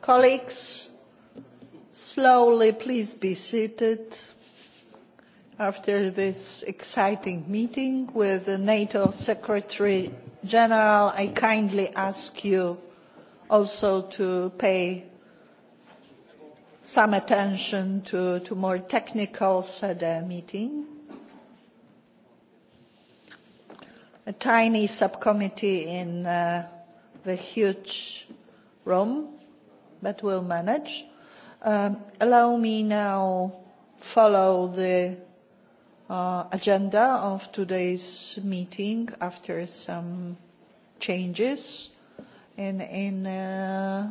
Colleagues, slowly please be seated after this exciting meeting with the NATO Secretary General. I kindly ask you also to pay some attention to, to more technical SEDE uh, meeting. a tiny subcommittee in uh, the huge room, but we'll manage. Um, allow me now follow the uh, agenda of today's meeting after some changes in, in uh,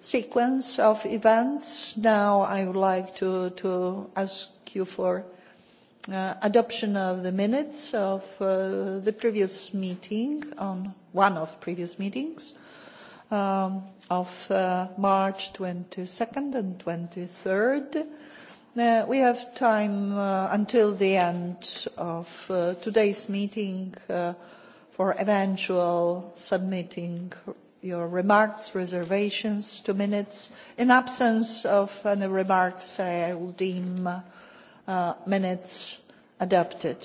sequence of events. Now I would like to, to ask you for Uh, adoption of the minutes of uh, the previous meeting on one of previous meetings um, of uh, March 22nd and 23rd. Uh, we have time uh, until the end of uh, today's meeting uh, for eventual submitting your remarks, reservations to minutes. In absence of any remarks, I will deem uh, Uh, minutes adopted.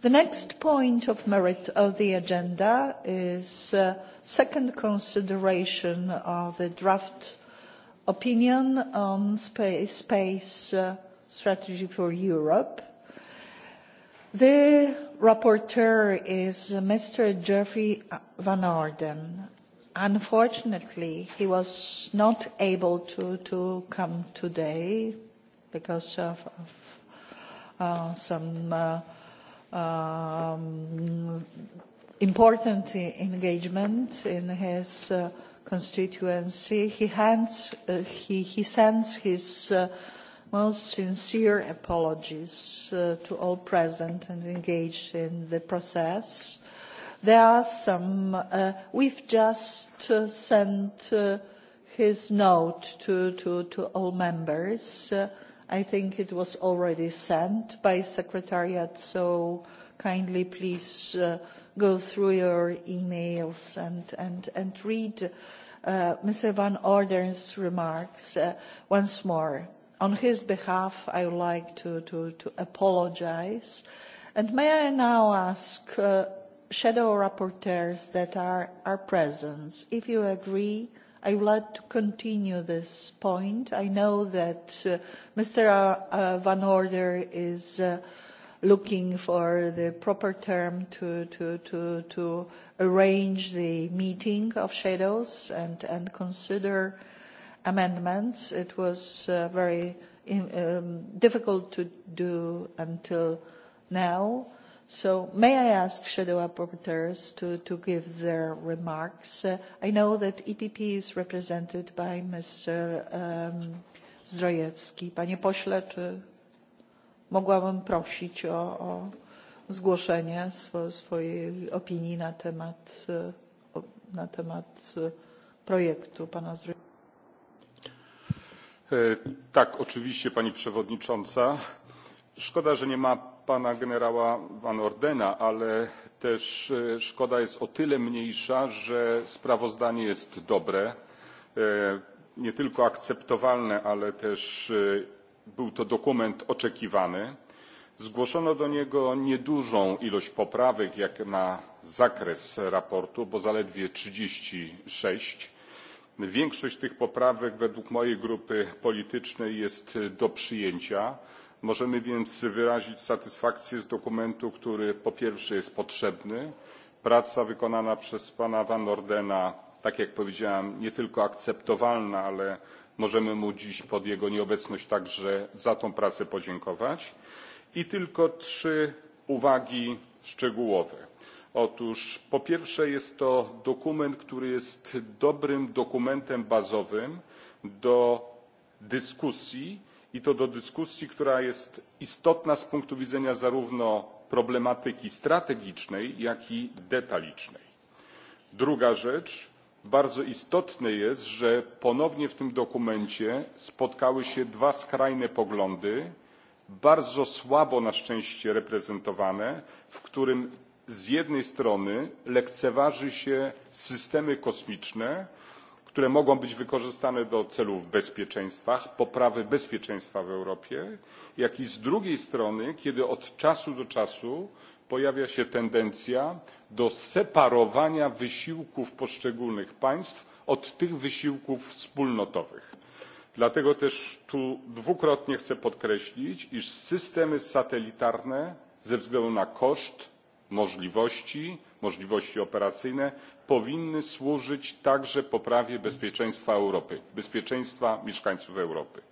The next point of merit of the agenda is uh, second consideration of the draft opinion on space, space uh, strategy for Europe. The rapporteur is Mr. Geoffrey Van Orden. Unfortunately, he was not able to, to come today because of, of uh, some uh, um, important e, engagement in his uh, constituency. He, hands, uh, he, he sends his uh, most sincere apologies uh, to all present and engaged in the process. There are some, uh, we've just uh, sent uh, his note to, to, to all members. Uh, I think it was already sent by Secretariat, so kindly please uh, go through your emails and, read uh, Mr. Van Orden's remarks uh, once more. On his behalf, I would like to, apologise, And may I now ask shadow rapporteurs that are, present, if you agree, I would like to continue this point. I know that uh, Mr. Uh, uh, Van Order is uh, looking for the proper term to, to, to, to arrange the meeting of shadows and, and consider amendments. It was uh, very um, difficult to do until now. So may I ask shadow rapporteurs to, to give their remarks? Uh, I know that EPP is represented by Mr. Um, Zdrojewski. Panie pośle, czy mogłabym prosić o, zgłoszenie swojej opinii na temat, e, na temat e, projektu pana Zdrojewskiego? E, tak, oczywiście pani przewodnicząca szkoda że nie ma pana generała van ordena ale też e, szkoda jest o tyle mniejsza że sprawozdanie jest dobre e, nie tylko akceptowalne ale też e, był to dokument oczekiwany. zgłoszono do niego niedużą ilość poprawek jak na zakres sprawozdania bo zaledwie trzydzieści sześć większość tych poprawek według mojej grupy politycznej jest do przyjęcia możemy więc wyrazić satysfakcję z dokumentu który po pierwsze jest potrzebny praca wykonana przez pana van ordena tak jak powiedziałem nie tylko akceptowalna ale możemy mu dziś pod jego nieobecność także za tę pracę podziękować i tylko trzy uwagi szczegółowe. otóż po pierwsze jest to dokument który jest dobrym dokumentem bazowym do dyskusji i to do dyskusji która jest istotna z punktu widzenia zarówno problematyki strategicznej jak i detalicznej. druga rzecz bardzo istotne jest że ponownie w tym dokumencie spotkały się dwa skrajne poglądy bardzo słabo na szczęście reprezentowane w którym z jednej strony lekceważy się systemy kosmiczne które mogą być wykorzystane do celów bezpieczeństwa poprawy bezpieczeństwa w europie jak i z drugiej strony kiedy od czasu do czasu pojawia się tendencja do separowania wysiłków poszczególnych państw od tych wysiłków wspólnotowych. dlatego też tu dwukrotnie chcę podkreślić iż systemy satelitarne ze względu na koszt możliwości możliwości operacyjne powinny służyć także poprawie bezpieczeństwa europy bezpieczeństwa mieszkańców europy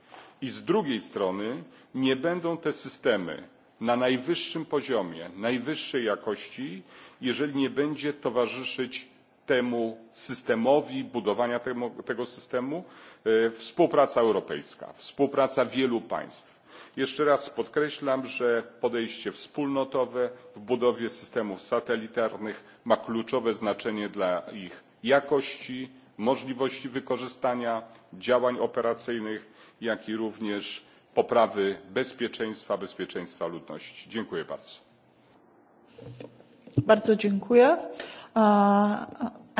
i z drugiej strony nie będą te systemy na najwyższym poziomie najwyższej jakości jeżeli nie będzie towarzyszyć temu systemowi budowania tego systemu e, współpraca europejska współpraca wielu państw jeszcze raz podkreślam że podejście wspólnotowe w budowie systemów satelitarnych ma kluczowe znaczenie dla ich jakości możliwości wykorzystania działań operacyjnych jak i również poprawy bezpieczeństwa bezpieczeństwa ludności. dziękuję bardzo.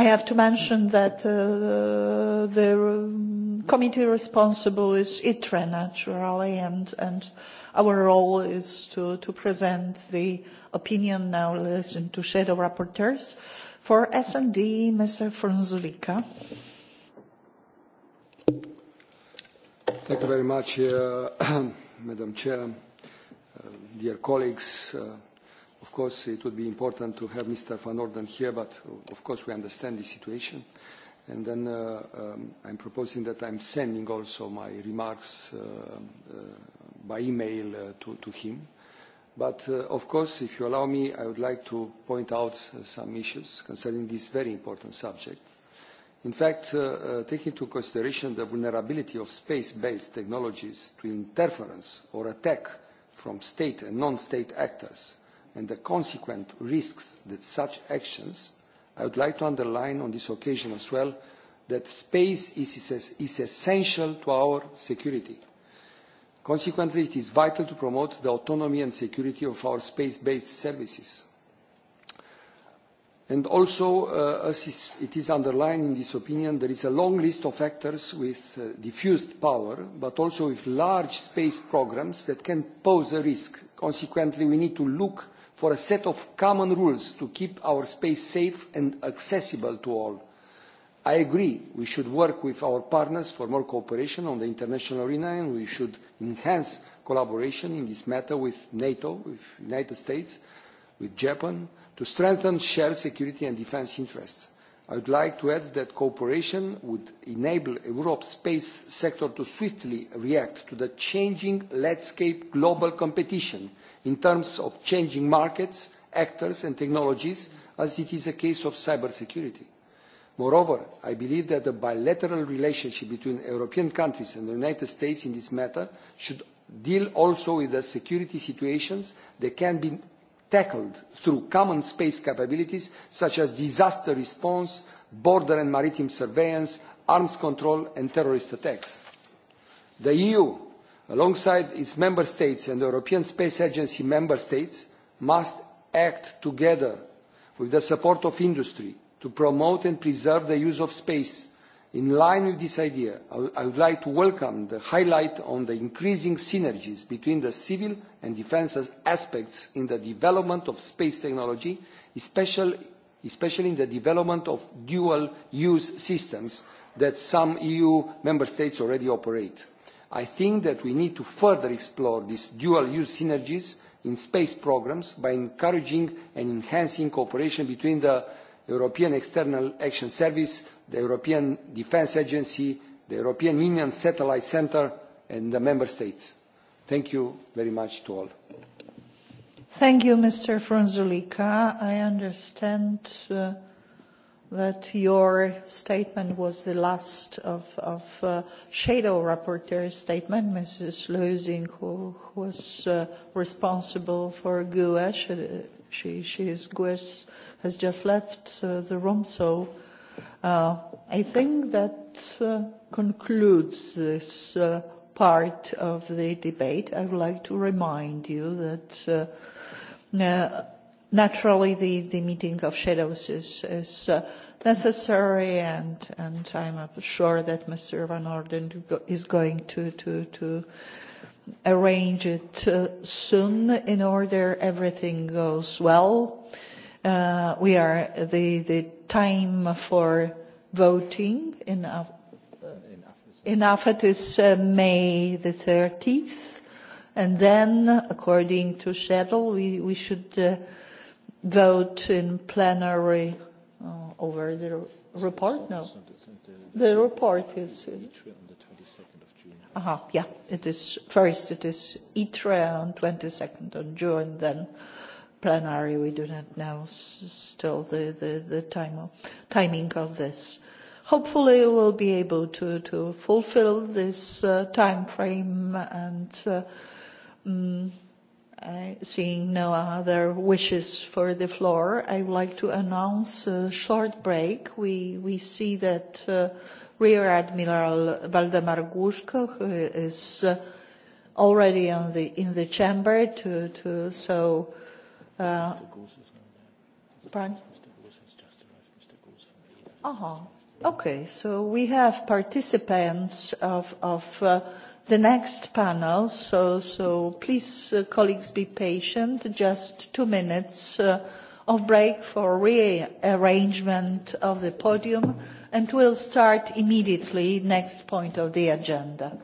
I have to mention that uh, the uh, committee responsible is ITRE naturally and, and our role is to, to present the opinion now listen to shadow rapporteurs. For S&D, Mr. Fronzulika. Thank you very much, uh, Madam Chair, uh, dear colleagues, uh, Of course, it would be important to have Mr. Van Orden here, but uh, of course we understand the situation. And then uh, um, I'm proposing that I'm sending also my remarks uh, uh, by email uh, to, to him. But uh, of course, if you allow me, I would like to point out uh, some issues concerning this very important subject. In fact, uh, uh, taking into consideration the vulnerability of space-based technologies to interference or attack from state and non-state actors and the consequent risks that such actions, I would like to underline on this occasion as well that space is, is essential to our security. Consequently, it is vital to promote the autonomy and security of our space-based services. And also, uh, as is, it is underlined in this opinion, there is a long list of actors with uh, diffused power, but also with large space programs that can pose a risk. Consequently, we need to look for a set of common rules to keep our space safe and accessible to all. I agree we should work with our partners for more cooperation on the international arena and we should enhance collaboration in this matter with NATO, with United States, with Japan, to strengthen shared security and defence interests I would like to add that cooperation would enable Europe's space sector to swiftly react to the changing landscape global competition in terms of changing markets, actors and technologies, as it is a case of cybersecurity. Moreover, I believe that the bilateral relationship between European countries and the United States in this matter should deal also with the security situations that can be tackled through common space capabilities such as disaster response, border and maritime surveillance, arms control and terrorist attacks. The EU, alongside its member states and the European Space Agency member states, must act together with the support of industry to promote and preserve the use of space In line with this idea, I would like to welcome the highlight on the increasing synergies between the civil and defence aspects in the development of space technology, especially, in the development of dual-use systems that some EU member states already operate. I think that we need to further explore these dual-use synergies in space programmes by encouraging and enhancing cooperation between the European External Action Service, the European Defence Agency, the European Union Satellite Centre and the Member States. Thank you very much to all. Thank you, Mr. Frunzulic. I understand uh, that your statement was the last of, of uh, shadow rapporteur's statement, Mrs. Lösing, who, who was uh, responsible for GUE. She, she, she is GUE, has just left uh, the room, so uh, I think that uh, concludes this uh, part of the debate. I would like to remind you that uh, uh, naturally the, the meeting of shadows is, is uh, necessary and, and I'm sure that Mr. Van Orden is going to, to, to arrange it uh, soon in order everything goes well. Uh, we are the, the time for voting in, uh, in AFET is uh, May the 13th. And then, according to schedule, we, we should uh, vote in plenary uh, over the report? No. The report is. Uh, uh-huh, yeah, it is. First, it is ITRE on 22nd of June, then plenary. We do not know still the, the, the time of, timing of this. Hopefully, we will be able to, to fulfill this uh, time frame and uh, um, seeing no other wishes for the floor, I would like to announce a short break. We, we see that uh, Rear Admiral Waldemar Głuszko, who is uh, already the, in the chamber, to, to so. Uh, Mr. Goose is not there. Pardon? Mr. Goose has just arrived. Mr. Goose from the. Uh-huh. Okay, so we have participants of, of the next panel, so, so please, uh, colleagues, be patient, just two minutes uh, of break for rearrangement of the podium, and we'll start immediately next point of the agenda.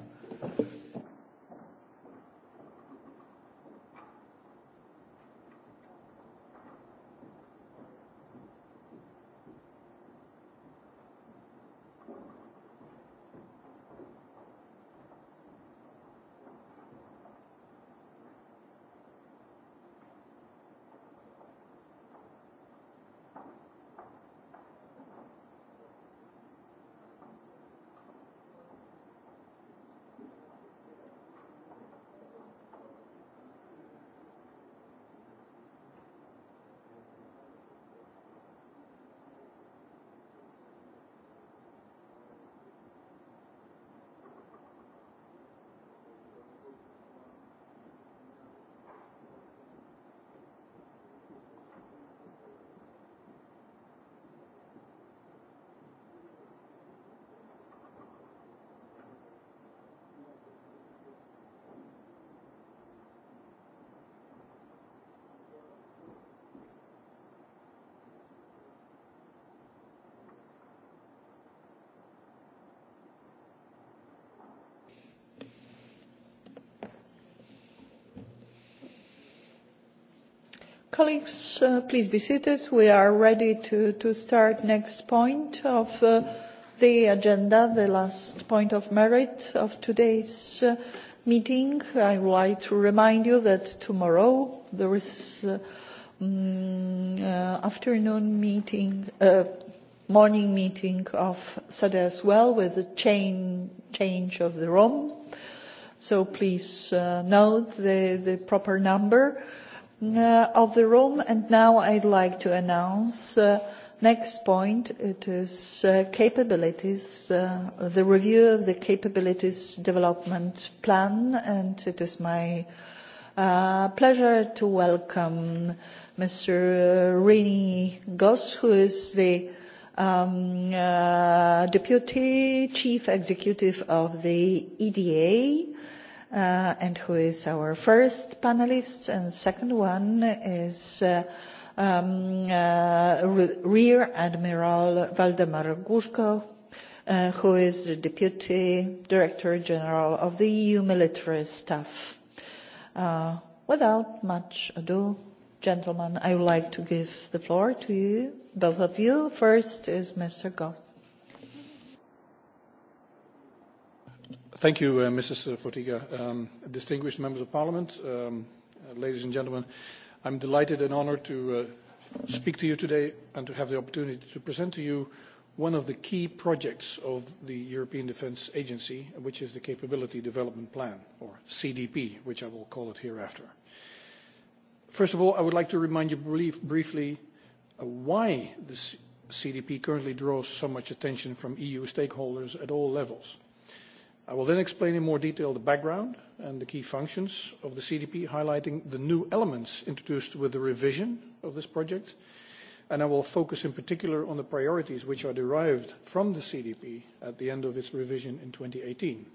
Colleagues, uh, please be seated. We are ready to, to start next point of uh, the agenda, the last point of merit of today's uh, meeting. I would like to remind you that tomorrow there is uh, um, uh, afternoon meeting, uh, morning meeting of SADA e as well with the chain, change of the room. So please uh, note the, the proper number. Uh, Uh, of the room. And now I'd like to announce uh, next point. It is uh, capabilities, the review of the capabilities development plan. And it is my pleasure to welcome Mr. Rini Goss, who is the um, Deputy Chief Executive of the EDA uh, and who is our first panelist, and second one is uh, um, uh, Rear Admiral Valdemar Guzko, uh, who is the Deputy Director General of the EU Military Staff. Uh, without much ado, gentlemen, I would like to give the floor to you, both of you. First is Mr. Gott. Thank you, uh, Mrs. Fortiga. Um, distinguished members of parliament, um, uh, ladies and gentlemen, I'm delighted and honored to uh, speak to you today and to have the opportunity to present to you one of the key projects of the European Defense Agency, which is the Capability Development Plan, or CDP, which I will call it hereafter. First of all, I would like to remind you brief, briefly uh, why the CDP currently draws so much attention from EU stakeholders at all levels. I will then explain in more detail the background and the key functions of the CDP, highlighting the new elements introduced with the revision of this project, and I will focus in particular on the priorities which are derived from the CDP at the end of its revision in 2018.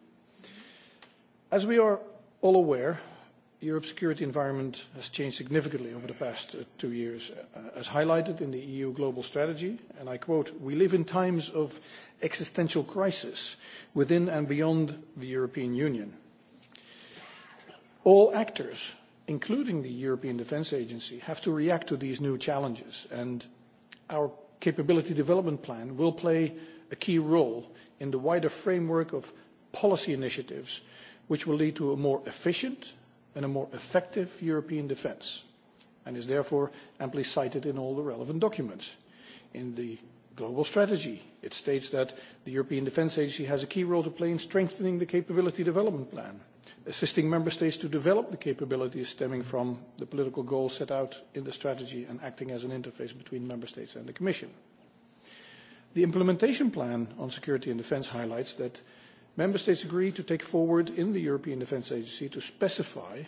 As we are all aware, Europe's security environment has changed significantly over the past uh, two years, uh, as highlighted in the EU Global Strategy, and I quote, "We live in times of existential crisis within and beyond the European Union. All actors, including the European Defence Agency, have to react to these new challenges, and our capability development plan will play a key role in the wider framework of policy initiatives, which will lead to a more efficient and a more effective European defence, and is therefore amply cited in all the relevant documents. In the global strategy, it states that the European Defence Agency has a key role to play in strengthening the capability development plan, assisting member states to develop the capabilities stemming from the political goals set out in the strategy and acting as an interface between member states and the Commission. The implementation plan on security and defence highlights that Member States agreed to take forward in the European Defence Agency to specify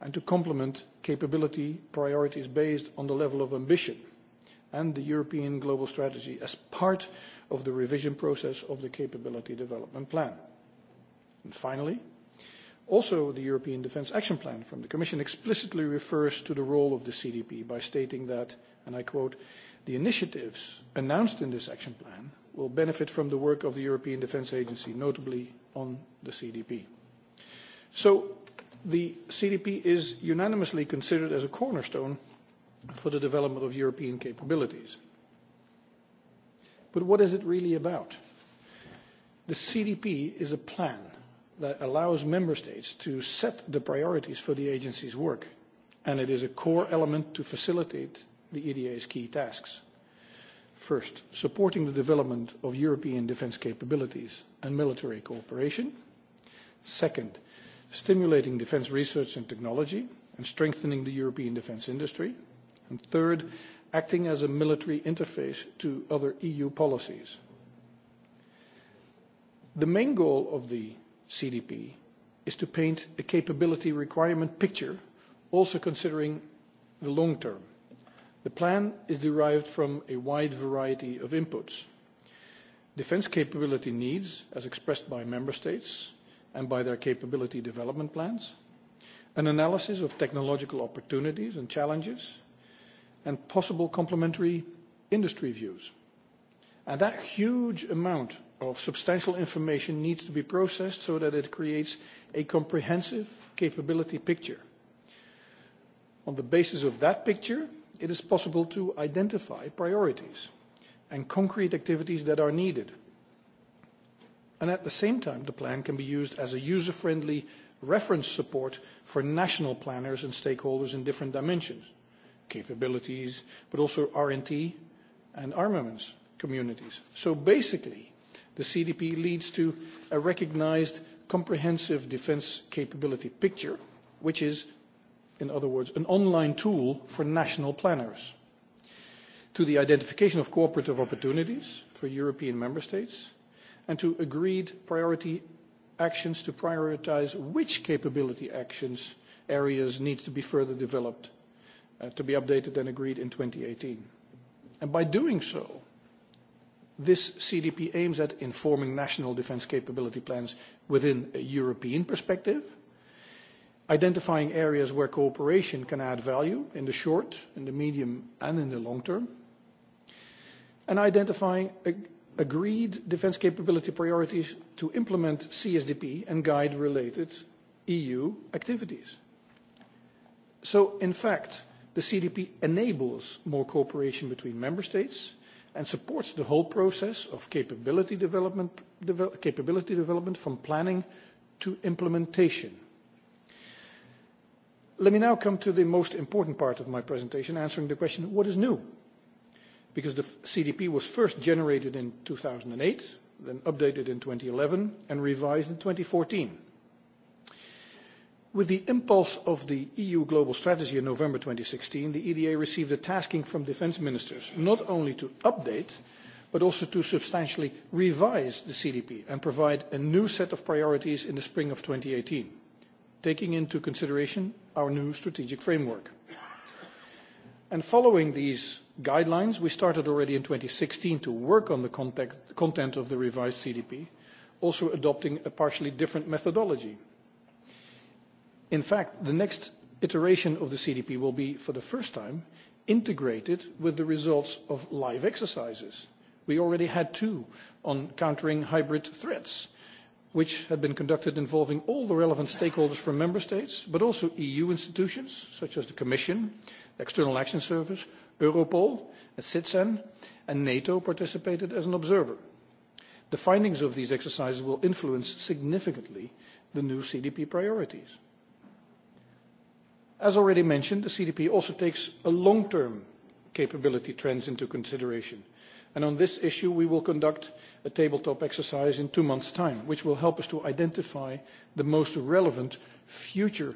and to complement capability priorities based on the level of ambition and the European Global Strategy as part of the revision process of the Capability Development Plan. And finally, also the European Defence Action Plan from the Commission explicitly refers to the role of the CDP by stating that, and I quote, The initiatives announced in this action plan will benefit from the work of the European Defence Agency, notably on the CDP. So the CDP is unanimously considered as a cornerstone for the development of European capabilities. But what is it really about? The CDP is a plan that allows member states to set the priorities for the agency's work, and it is a core element to facilitate the EDA's key tasks. First, supporting the development of European defence capabilities and military cooperation. Second, stimulating defence research and technology and strengthening the European defence industry. And third, acting as a military interface to other EU policies. The main goal of the CDP is to paint a capability requirement picture, also considering the long term. The plan is derived from a wide variety of inputs. Defence capability needs, as expressed by member states and by their capability development plans, an analysis of technological opportunities and challenges, and possible complementary industry views. And that huge amount of substantial information needs to be processed so that it creates a comprehensive capability picture. On the basis of that picture, it is possible to identify priorities and concrete activities that are needed. And at the same time, the plan can be used as a user-friendly reference support for national planners and stakeholders in different dimensions, capabilities, but also R&T and armaments communities. So basically, the CDP leads to a recognized comprehensive defense capability picture, which is in other words, an online tool for national planners to the identification of cooperative opportunities for European member states and to agreed priority actions to prioritize which capability actions areas need to be further developed uh, to be updated and agreed in 2018. And by doing so, this CDP aims at informing national defense capability plans within a European perspective – identifying areas where cooperation can add value in the short, in the medium, and in the long term, and identifying agreed defense capability priorities to implement CSDP and guide related EU activities. So, in fact, the CDP enables more cooperation between member states and supports the whole process of capability development, capability development from planning to implementation Let me now come to the most important part of my presentation, answering the question, what is new? Because the CDP was first generated in 2008, then updated in 2011, and revised in 2014. With the impulse of the EU Global Strategy in November 2016, the EDA received a tasking from defense ministers, not only to update, but also to substantially revise the CDP and provide a new set of priorities in the spring of 2018 taking into consideration our new strategic framework. And following these guidelines, we started already in 2016 to work on the content of the revised CDP, also adopting a partially different methodology. In fact, the next iteration of the CDP will be, for the first time, integrated with the results of live exercises. We already had two on countering hybrid threats which had been conducted involving all the relevant stakeholders from member states, but also EU institutions such as the Commission, the External Action Service, Europol, CITSEN, and NATO participated as an observer. The findings of these exercises will influence significantly the new CDP priorities. As already mentioned, the CDP also takes a long-term capability trends into consideration – And on this issue, we will conduct a tabletop exercise in two months' time, which will help us to identify the most relevant future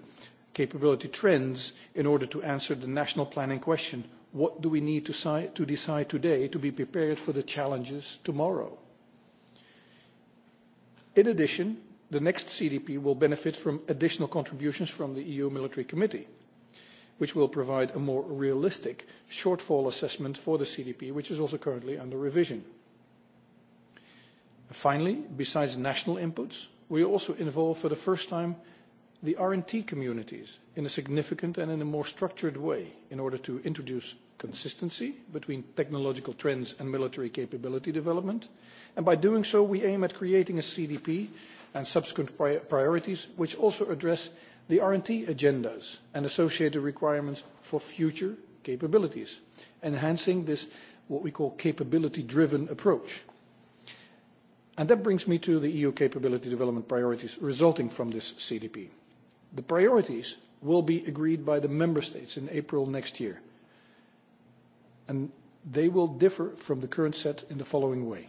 capability trends in order to answer the national planning question. What do we need to, si to decide today to be prepared for the challenges tomorrow? In addition, the next CDP will benefit from additional contributions from the EU Military Committee – which will provide a more realistic shortfall assessment for the CDP, which is also currently under revision. Finally, besides national inputs, we also involve for the first time the R&T communities in a significant and in a more structured way in order to introduce consistency between technological trends and military capability development. And by doing so, we aim at creating a CDP and subsequent priorities which also address the R&T agendas and associated requirements for future capabilities, enhancing this, what we call capability-driven approach. And That brings me to the EU capability development priorities resulting from this CDP. The priorities will be agreed by the member states in April next year, and they will differ from the current set in the following way.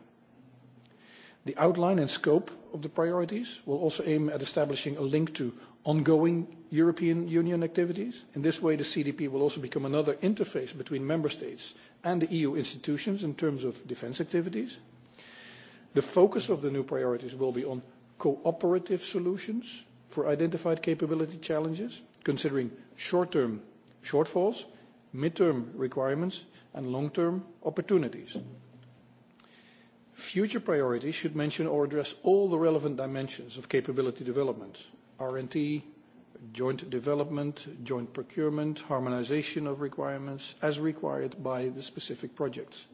The outline and scope of the priorities will also aim at establishing a link to ongoing European Union activities. In this way, the CDP will also become another interface between member states and the EU institutions in terms of defence activities. The focus of the new priorities will be on cooperative solutions for identified capability challenges, considering short-term shortfalls, mid-term requirements, and long-term opportunities. Future priorities should mention or address all the relevant dimensions of capability development, R&D, joint development, joint procurement, harmonization of requirements as required by the specific projects.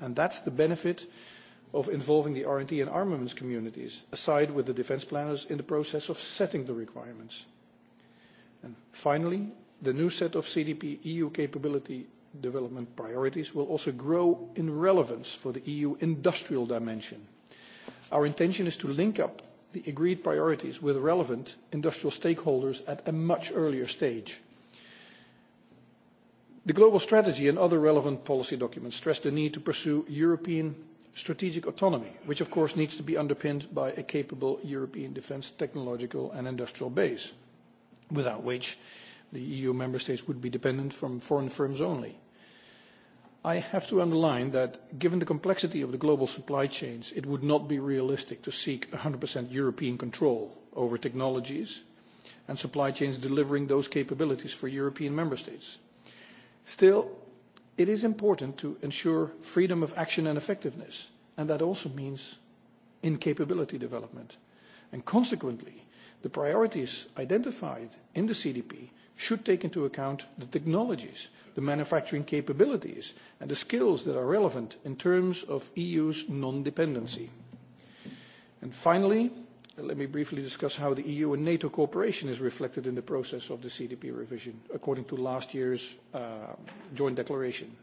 And that's the benefit of involving the R&D and armaments communities, aside with the defense planners in the process of setting the requirements. And finally, the new set of CDP EU capability development priorities will also grow in relevance for the EU industrial dimension. Our intention is to link up the agreed priorities with relevant industrial stakeholders at a much earlier stage. The global strategy and other relevant policy documents stress the need to pursue European strategic autonomy, which of course needs to be underpinned by a capable European defence technological and industrial base, without which the EU member states would be dependent from foreign firms only. I have to underline that given the complexity of the global supply chains, it would not be realistic to seek 100% European control over technologies and supply chains delivering those capabilities for European member states. Still, it is important to ensure freedom of action and effectiveness, and that also means in capability development. And consequently, the priorities identified in the CDP should take into account the technologies, the manufacturing capabilities, and the skills that are relevant in terms of EU's non-dependency. And finally, let me briefly discuss how the EU and NATO cooperation is reflected in the process of the CDP revision, according to last year's uh, joint declaration.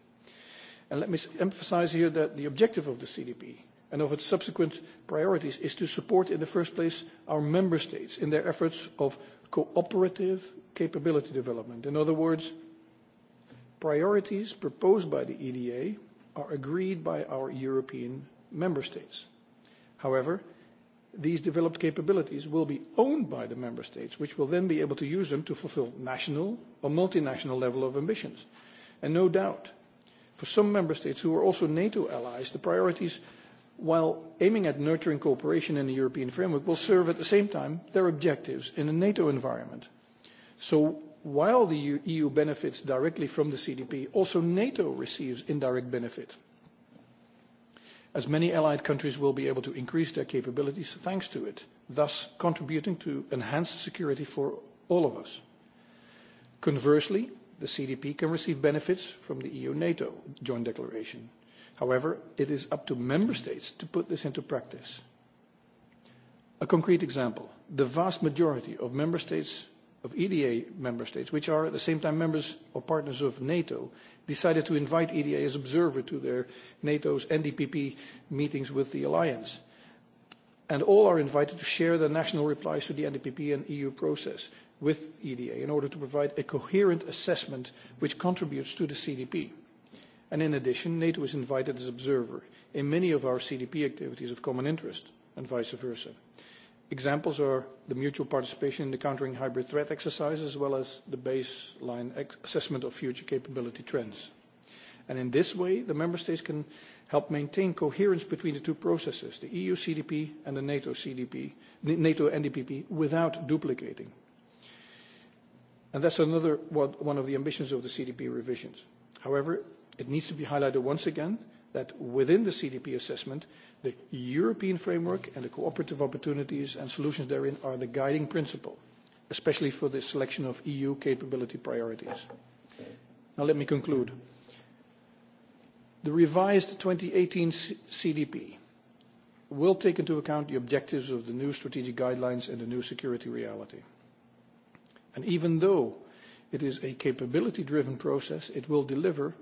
And let me emphasize here that the objective of the CDP and of its subsequent priorities is to support, in the first place, our member states in their efforts of cooperative capability development. In other words, priorities proposed by the EDA are agreed by our European member states. However, these developed capabilities will be owned by the member states, which will then be able to use them to fulfill national or multinational level of ambitions. And no doubt, for some member states who are also NATO allies, the priorities, while aiming at nurturing cooperation in the European framework, will serve at the same time their objectives in a NATO environment. So while the EU e benefits directly from the CDP, also NATO receives indirect benefit, as many allied countries will be able to increase their capabilities thanks to it, thus contributing to enhanced security for all of us. Conversely, the CDP can receive benefits from the EU-NATO joint declaration. However, it is up to member states to put this into practice. A concrete example, the vast majority of member states of EDA member states, which are at the same time members or partners of NATO, decided to invite EDA as observer to their NATO's NDPP meetings with the alliance. And all are invited to share their national replies to the NDPP and EU process with EDA in order to provide a coherent assessment which contributes to the CDP. And in addition, NATO is invited as observer in many of our CDP activities of common interest and vice versa. Examples are the mutual participation in the countering hybrid threat exercise, as well as the baseline assessment of future capability trends. And in this way, the member states can help maintain coherence between the two processes, the EU CDP and the NATO CDP, NATO NDPP, without duplicating. And that's another one of the ambitions of the CDP revisions. However, it needs to be highlighted once again that within the CDP assessment, the European framework and the cooperative opportunities and solutions therein are the guiding principle, especially for the selection of EU capability priorities. Now let me conclude. The revised 2018 CDP will take into account the objectives of the new strategic guidelines and the new security reality. And even though it is a capability-driven process, it will deliver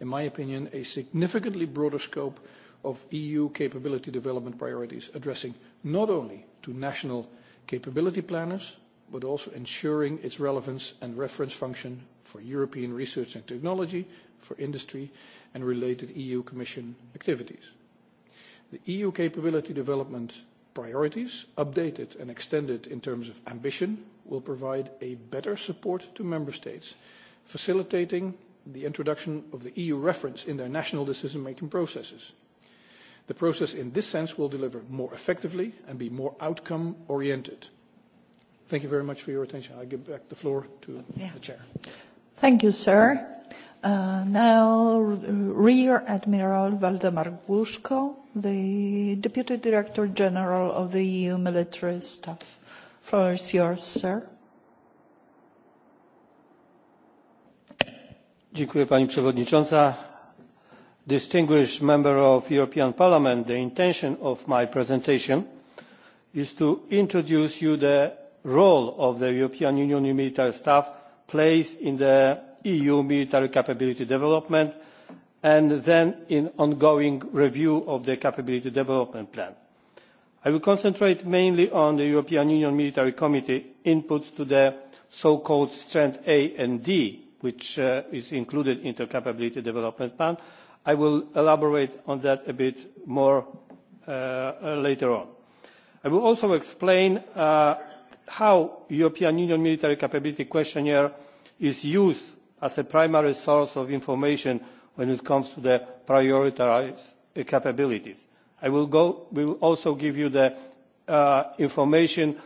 in my opinion, a significantly broader scope of EU capability development priorities, addressing not only to national capability planners, but also ensuring its relevance and reference function for European research and technology, for industry, and related EU Commission activities. The EU capability development priorities, updated and extended in terms of ambition, will provide a better support to member states, facilitating the introduction of the EU reference in their national decision-making processes. The process in this sense will deliver more effectively and be more outcome-oriented. Thank you very much for your attention. I give back the floor to yeah. the chair. Thank you, sir. Uh, now, Rear Admiral Valdemar Głuszko, the Deputy Director General of the EU Military Staff. Floor is yours, sir. pani przewodnicząca! distinguished member of european parliament the intention of my presentation is to introduce you the role of the european union military staff plays in the eu military capability development and then in ongoing review of the capability development plan. i will concentrate mainly on the european union military committee inputs to the so called strand a and d which uh, is included in the capability development plan. I will elaborate on that a bit more uh, uh, later on. I will also explain uh, how European Union Military Capability Questionnaire is used as a primary source of information when it comes to the prioritized capabilities. I will, go, will also give you the uh, information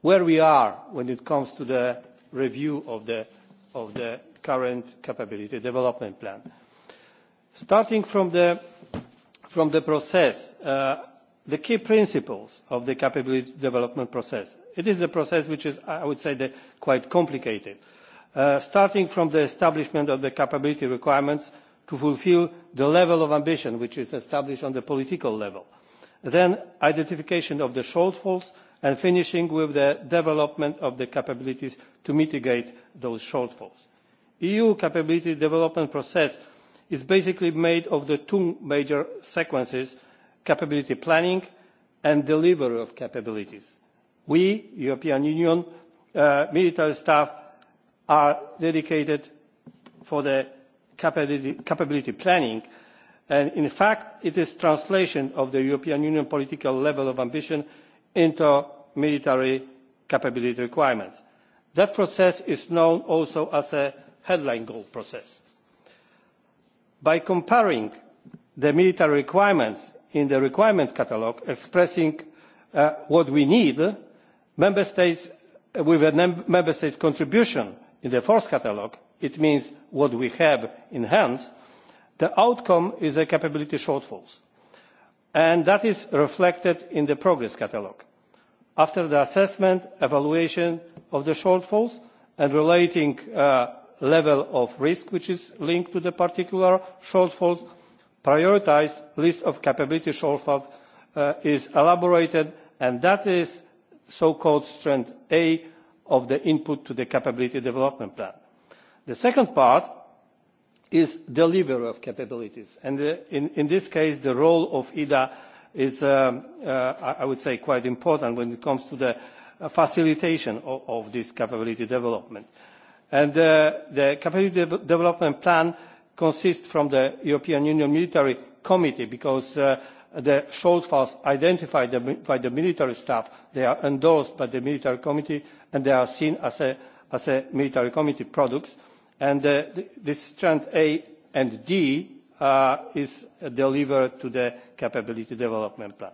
where we are when it comes to the review of the, of the current capability development plan. Starting from the, from the process, uh, the key principles of the capability development process. It is a process which is, I would say, the, quite complicated. Uh, starting from the establishment of the capability requirements to fulfil the level of ambition which is established on the political level. Then identification of the shortfalls and finishing with the development of the capabilities to mitigate those shortfalls eu capability development process is basically made of the two major sequences capability planning and delivery of capabilities. we european union uh, military staff are dedicated for the capability, capability planning and in fact it is translation of the european union political level of ambition into military capability requirements. that process is known also as a headline goal process. By comparing the military requirements in the requirement catalogue expressing uh, what we need, member states uh, with a member states contribution in the force catalogue, it means what we have in hands, the outcome is a capability shortfalls, And that is reflected in the progress catalogue. After the assessment, evaluation of the shortfalls and relating uh, level of risk which is linked to the particular shortfalls prioritised list of capability shortfalls uh, is elaborated and that is so called strand a of the input to the capability development plan. the second part is delivery of capabilities and the, uh, in, in this case the role of eda is um, uh, i would say quite important when it comes to the facilitation of, of this capability development. Uh, And uh, the capacity de development plan consists from the European Union Military Committee because uh, the shortfalls identified the, by the military staff, they are endorsed by the military committee and they are seen as a, as a military committee products. And uh, this strand A and D uh, is delivered to the capability development plan.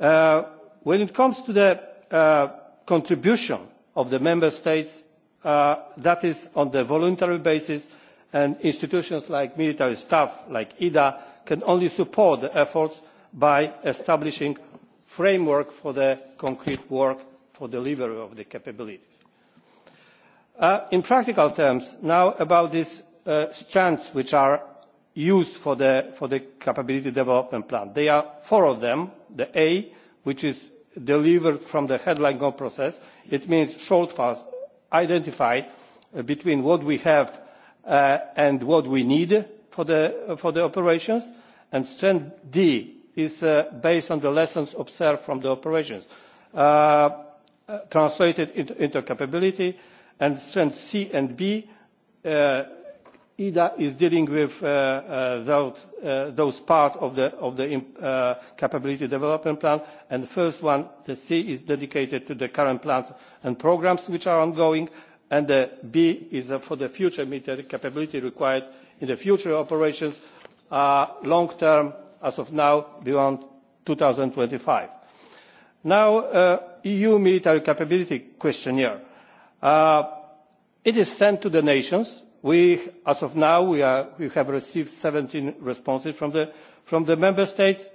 Uh, when it comes to the uh, contribution of the member states Uh, that is on a voluntary basis and institutions like military staff like eda can only support the efforts by establishing a framework for the concrete work for delivery of the capabilities. Uh, in practical terms now about these uh, strands which are used for the, for the capability development plan there are four of them the a which is delivered from the headline goal process it means shortfalls identified uh, between what we have uh, and what we need for the, for the operations. And strand D is uh, based on the lessons observed from the operations, uh, uh translated into, into capability. And strand C and B uh, EDA is dealing with uh, uh, those, uh, those part of the, of the uh, capability development plan. And the first one, the C, is dedicated to the current plans and programs which are ongoing. And the B is uh, for the future military capability required in the future operations, uh, long term, as of now, beyond 2025. Now, uh, EU military capability questionnaire. Uh, it is sent to the nations as of now, we, have received seventeen responses from the, member states.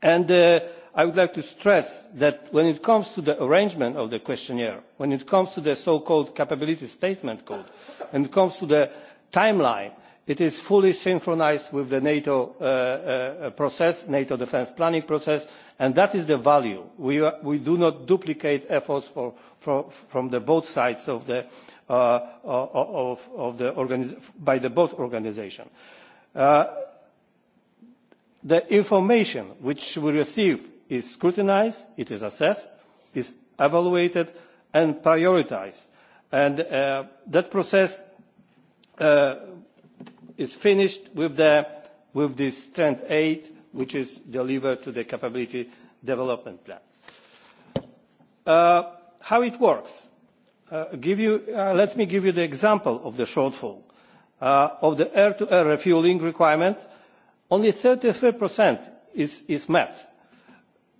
And uh, I would like to stress that when it comes to the arrangement of the questionnaire, when it comes to the so-called capability statement code, when it comes to the timeline, it is fully synchronised with the nato uh, uh, process the nato defence planning process and that is the value. we, do not duplicate efforts from both sides of the, Uh, uh, of, of the by the boat organization. Uh, the information which we receive is scrutinized, it is assessed, is evaluated and prioritized. And uh, that process uh, is finished with, the, with this strength aid which is delivered to the capability development plan. Uh, how it works? Uh, you, uh, let me give you the example of the shortfall. Uh, of the air-to-air refueling requirement, only 33% is, is met.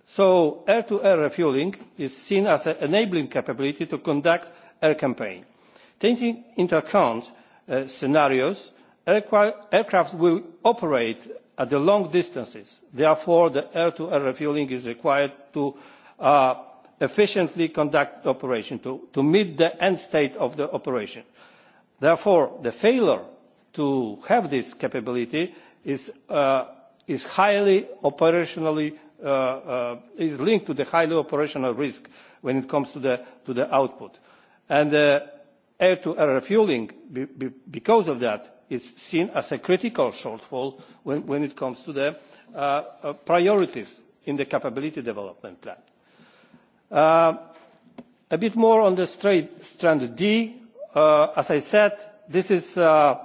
So air-to-air refueling is seen as an enabling capability to conduct air campaign. Taking into account uh, scenarios, aircraft will operate at the long distances. Therefore, the air-to-air -air refueling is required to uh, efficiently conduct the operation to, to meet the end state of the operation. therefore the failure to have this capability is, uh, is highly operationally uh, uh, is linked to the highly operational risk when it comes to the to the output and uh, air to air refueling be, be, because of that is seen as a critical shortfall when, when it comes to the uh, uh, priorities in the capability development plan Uh, a bit more on the straight, strand D. Uh, as I said, this is uh,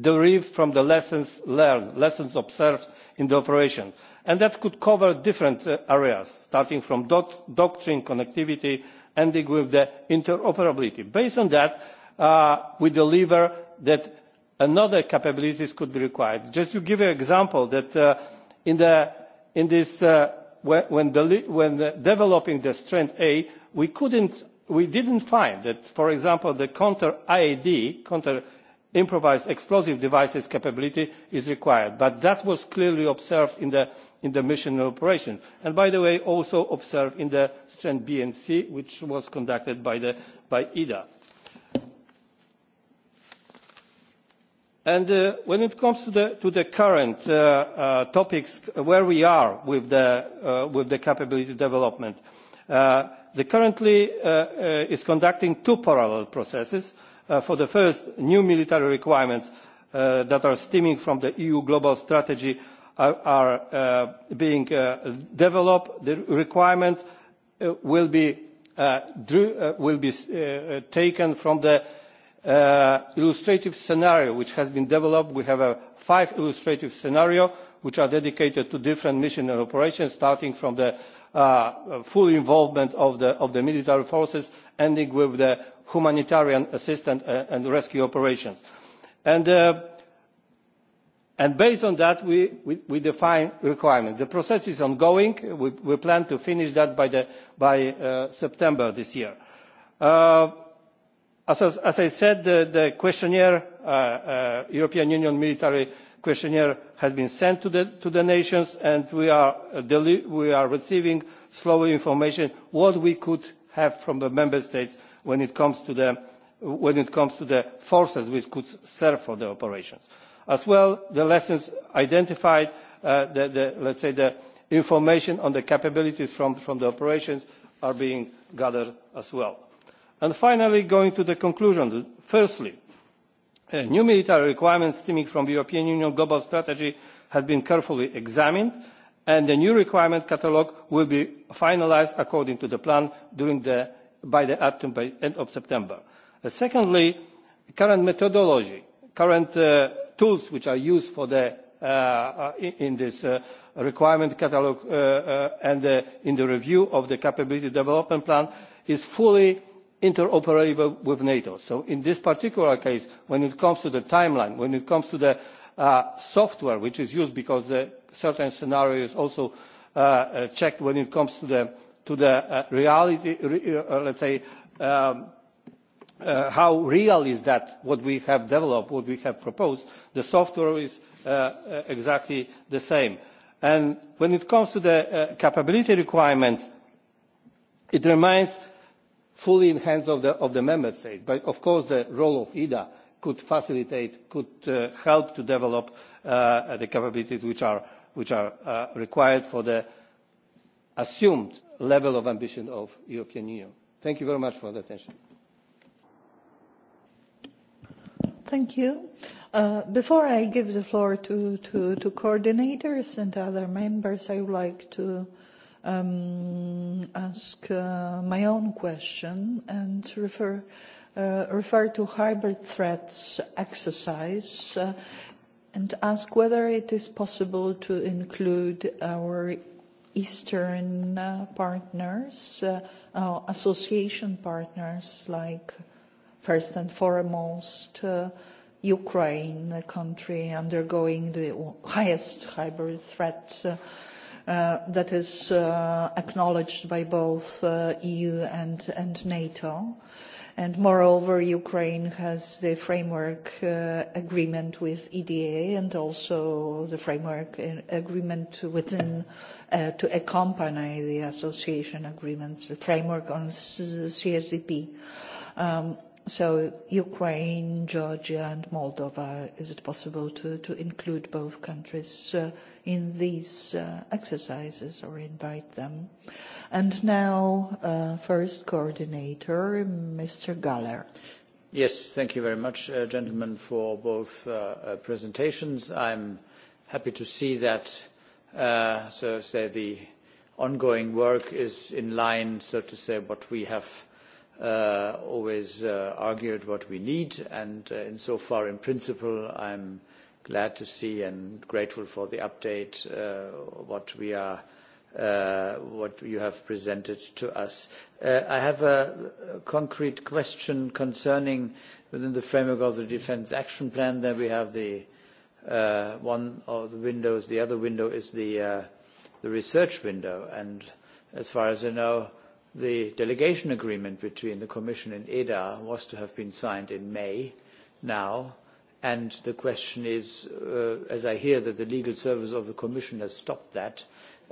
derived from the lessons learned, lessons observed in the operation. And that could cover different uh, areas, starting from doctrine, connectivity, ending with the interoperability. Based on that, we deliver that another capabilities could be required. Just to give you an example, that in, the, in this when, when developing the strand A, we couldn't, we didn't find that, for example, the counter IED, counter improvised explosive devices capability is required. But that was clearly observed in the, in the mission operation. And by the way, also observed in the strand B and C, which was conducted by, the, by EDA And uh, when it comes to the, to the current uh, uh, topics, where we are with the, uh, with the capability development, uh, the currently uh, uh, is conducting two parallel processes. Uh, for the first, new military requirements uh, that are stemming from the EU global strategy are, are uh, being uh, developed. The requirement uh, will be, uh, drew, uh, will be uh, uh taken from the uh, illustrative scenario which has been developed. We have uh, five illustrative scenarios which are dedicated to different missions and operations, starting from the uh, full involvement of the, of the military forces, ending with the humanitarian assistance and rescue operations. And, uh, and based on that, we, we, we define requirements. The process is ongoing. We, we plan to finish that by, the, by uh, September this year. Uh, As, I said, the, the questionnaire, uh, uh, European Union military questionnaire has been sent to the, to the nations and we are, uh, we are receiving slow information what we could have from the member states when it comes to the, when it comes to the forces which could serve for the operations. As well, the lessons identified, uh, the, the, let's say the information on the capabilities from, from the operations are being gathered as well And finally going to the conclusion firstly uh, new military requirements stemming from the european union global strategy have been carefully examined and the new requirement catalogue will be finalised according to the plan by the end of september. Uh, secondly current methodology current uh, tools which are used for the in this requirement catalogue and in the review of the capability development plan is fully interoperable with NATO. So in this particular case, when it comes to the timeline, when it comes to the uh, software which is used because the certain scenario is also uh, uh, checked when it comes to the, to the reality, let's say, um, how real is that what we have developed, what we have proposed, the software is exactly the same. And when it comes to the capability requirements, it remains fully in the hands of the, of the member states. But of course, the role of EDA could facilitate, could uh, help to develop uh, the capabilities which are, which are uh, required for the assumed level of ambition of European Union. Thank you very much for the attention. Thank you. Uh, before I give the floor to, to, to coordinators and other members, I would like to um, ask uh, my own question and refer, uh, refer to hybrid threats exercise uh, and ask whether it is possible to include our Eastern uh, partners, uh, our association partners like first and foremost uh, Ukraine, the country undergoing the highest hybrid threat uh, Uh, that is uh, acknowledged by both uh, EU and, and NATO. And moreover, Ukraine has the framework uh, agreement with EDA and also the framework agreement within uh, to accompany the association agreements, the framework on CSDP. Um, So Ukraine, Georgia and Moldova, is it possible to, to include both countries uh, in these uh, exercises or invite them? And now, uh, first coordinator, Mr. Galler. Yes, thank you very much, uh, gentlemen, for both uh, uh, presentations. I'm happy to see that uh, so say the ongoing work is in line, so to say, what we have Uh, always uh, argued what we need, and uh, insofar, in principle, I'm glad to see and grateful for the update uh, what we are uh, what you have presented to us. Uh, I have a, a concrete question concerning within the framework of the Defence Action Plan. Then we have the uh, one of the windows. The other window is the uh, the research window, and as far as I know, The delegation agreement between the Commission and EDA was to have been signed in May now, and the question is, uh, as I hear that the legal service of the Commission has stopped that,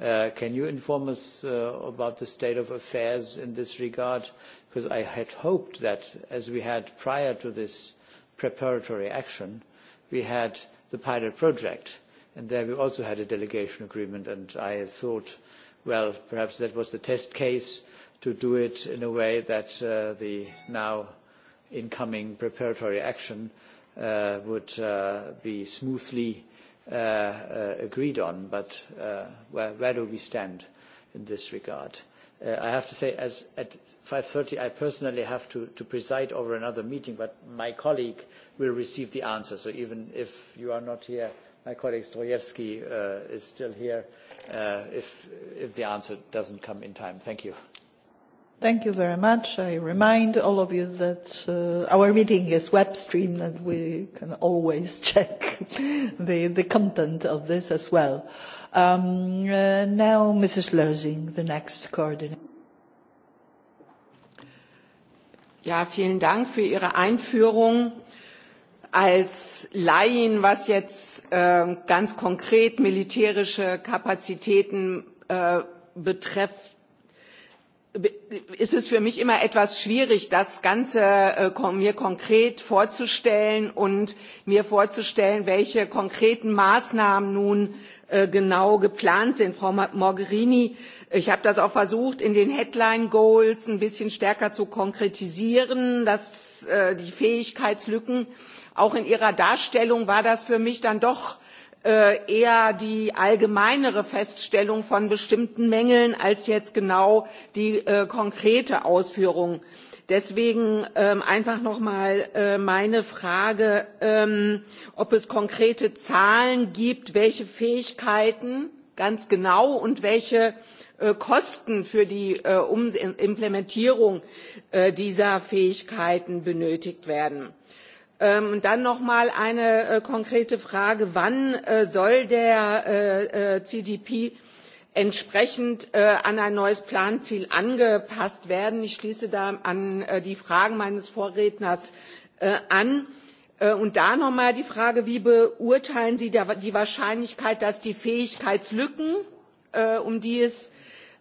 uh, can you inform us uh, about the state of affairs in this regard? Because I had hoped that, as we had prior to this preparatory action, we had the pilot project, and there we also had a delegation agreement, and I thought, well, perhaps that was the test case, to do it in a way that uh, the now incoming preparatory action uh, would uh, be smoothly uh, uh, agreed on. But uh, where, where do we stand in this regard? I have to say, as at 5:30, I personally have to, to preside over another meeting, but my colleague will receive the answer. So even if you are not here, my colleague Stoyevsky is still here, if, if the answer doesn't come in time. Thank you. Thank you very much. I remind all of you that uh, our meeting is web streamed and we can always check the, the content of this as well. Um, uh, now, Mrs. Lozing, the next coordinator. Ja, vielen Dank für Ihre Einführung. Als Laien, was jetzt äh, ganz konkret militärische Kapazitäten äh, betrifft, ist es für mich immer etwas schwierig das ganze äh, mir konkret vorzustellen und mir vorzustellen welche konkreten maßnahmen nun äh, genau geplant sind. frau mogherini ich habe das auch versucht in den headline goals ein bisschen stärker zu konkretisieren dass äh, die fähigkeitslücken auch in ihrer darstellung war das für mich dann doch Äh, eher die allgemeinere feststellung von bestimmten mängeln als jetzt genau die äh, konkrete ausführung. deswegen ähm, einfach noch mal äh, meine frage ähm, ob es konkrete zahlen gibt welche fähigkeiten ganz genau und welche kosten für die implementierung dieser fähigkeiten benötigt werden. Ähm, und dann noch mal eine äh, konkrete Frage. Wann äh, soll der äh, CDP entsprechend an ein neues Planziel angepasst werden? Ich schließe da an die Fragen meines Vorredners an. Und da noch mal die Frage, wie beurteilen Sie die Wahrscheinlichkeit, dass die Fähigkeitslücken, um die es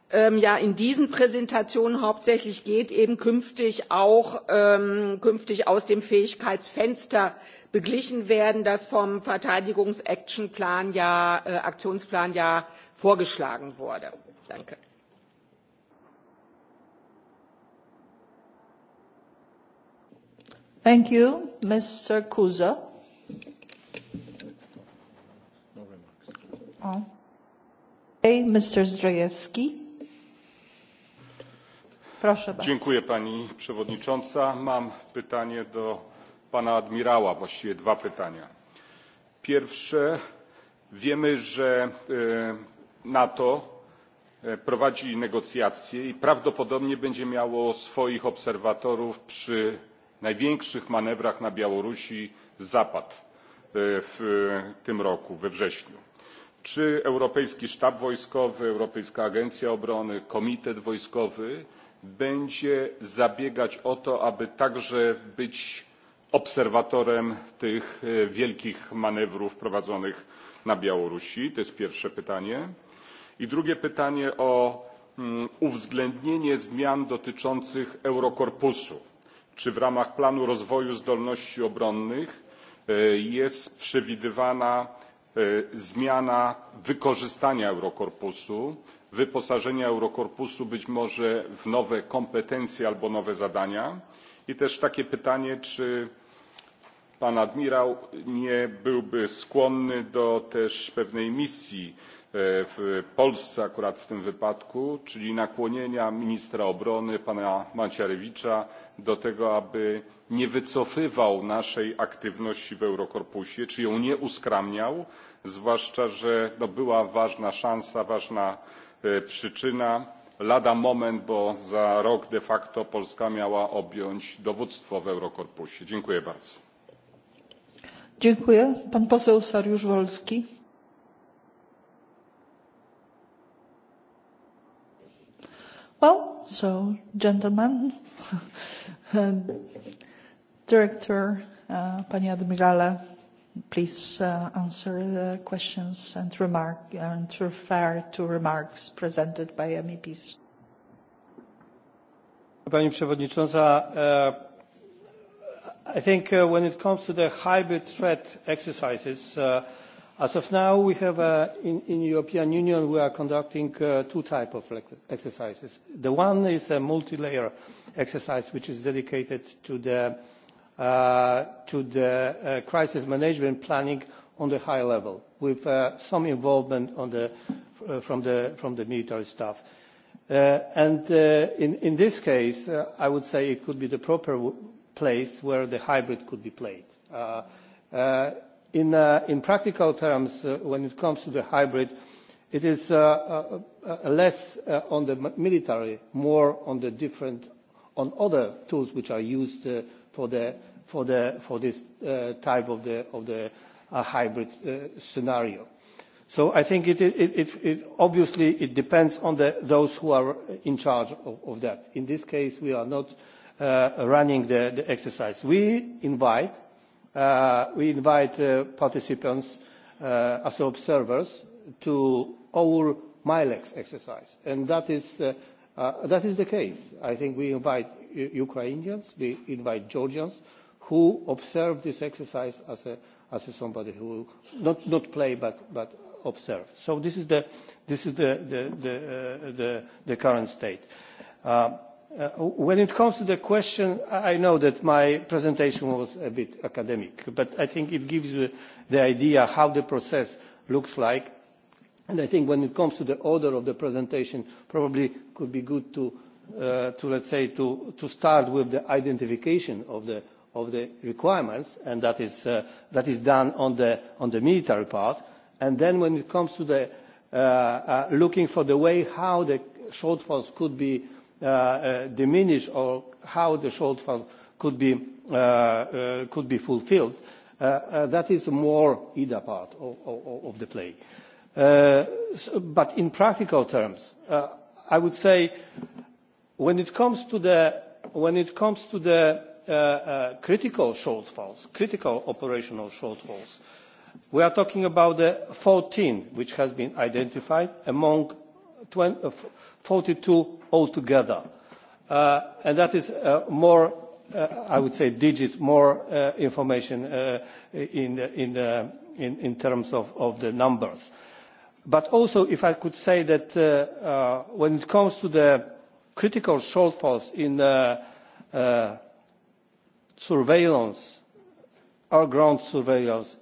Ähm, ja in diesen Präsentationen hauptsächlich geht, eben künftig auch ähm, künftig aus dem Fähigkeitsfenster beglichen werden, das vom Verteidigungs-Action-Plan ja, äh, Aktionsplan ja vorgeschlagen wurde. Danke. Thank you. Mr. Kusa. No remarks. Oh. Hey, Mr. Dziękuję pani przewodnicząca. Mam pytanie do pana admirała, właściwie dwa pytania. Pierwsze, wiemy, że e, NATO e, prowadzi negocjacje i prawdopodobnie będzie miało swoich obserwatorów przy największych manewrach na Białorusi Zapad e, w tym roku, we wrześniu. Czy Europejski Sztab Wojskowy, Europejska Agencja Obrony, Komitet Wojskowy będzie zabiegać o to aby także być obserwatorem tych e, wielkich manewrów prowadzonych na białorusi? to jest pierwsze pytanie. i drugie pytanie o mm, uwzględnienie zmian dotyczących eurokorpusu. czy w ramach planu rozwoju zdolności obronnych e, jest przewidywana e, zmiana wykorzystania eurokorpusu wyposażenia eurokorpusu być może w nowe kompetencje albo nowe zadania i też takie pytanie czy pan admirał nie byłby skłonny do też pewnej misji e, w polsce akurat w tym wypadku czyli nakłonienia ministra obrony pana macierewicza do tego aby nie wycofywał naszej aktywności w eurokorpusie czy ją nie uskramniał zwłaszcza że była ważna szansa ważna E, przyczyna lada moment bo za rok de facto polska miała objąć dowództwo w eurokorpusie. dziękuję bardzo. Dziękuję. Pan poseł Sariusz Wolski. Well, so gentlemen, director, uh, panie admirale, please uh, answer the questions and remark and refer to remarks presented by MEPs. Pani Przewodnicząca, uh, I think uh, when it comes to the hybrid threat exercises, uh, as of now we have uh, in, in European Union we are conducting uh, two type of exercises. The one is a multi-layer exercise which is dedicated to the Uh, to the uh, crisis management planning on the high level, with uh, some involvement on the, uh, from, the, from the military staff. Uh, and uh, in, in this case, uh, I would say it could be the proper place where the hybrid could be played. Uh, uh, in, uh, in practical terms, uh, when it comes to the hybrid, it is uh, uh, uh, less uh, on the military, more on the different, on other tools which are used uh, for the for the for this uh, type of the of the uh, hybrid uh, scenario. So I think it, it, it, it obviously it depends on the, those who are in charge of, of that. In this case, we are not uh, running the, the exercise. We invite uh, we invite uh, participants uh, as observers to our Milex exercise, and that is uh, uh, that is the case. I think we invite Ukrainians, we invite Georgians who observe this exercise as a as a somebody who not not play but but observe. So this is the this is the the the, uh, the, the current state. Uh, uh, when it comes to the question, I know that my presentation was a bit academic, but I think it gives you the idea how the process looks like. And I think when it comes to the order of the presentation, probably could be good to Uh, to let's say to, to start with the identification of the of the requirements and that is uh, that is done on the on the military part and then when it comes to the uh, uh, looking for the way how the shortfalls could be uh, uh, diminished or how the shortfall could be uh, uh, could be fulfilled uh, uh, that is more ida part of, of, of the play uh, so, but in practical terms uh, i would say when it comes to the when it comes to the uh, uh, critical shortfalls, critical operational shortfalls, we are talking about the 14 which has been identified among 20, uh, 42 altogether, uh, and that is uh, more, uh, I would say, digit more uh, information uh, in in, the, in in terms of of the numbers. But also, if I could say that uh, uh, when it comes to the critical shortfalls in uh, uh surveillance, our ground surveillance,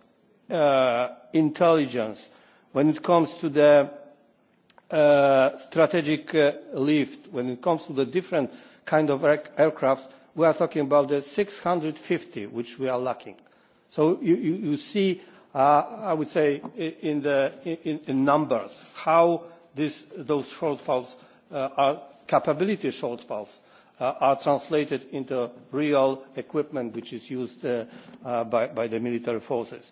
uh, intelligence, when it comes to the Uh, strategic uh, lift when it comes to the different kind of aircrafts we are talking about the 650 which we are lacking so you, you, you see uh, i would say in the in, in numbers how this those shortfalls uh, are capability shortfalls uh, are translated into real equipment which is used uh, uh, by, by the military forces.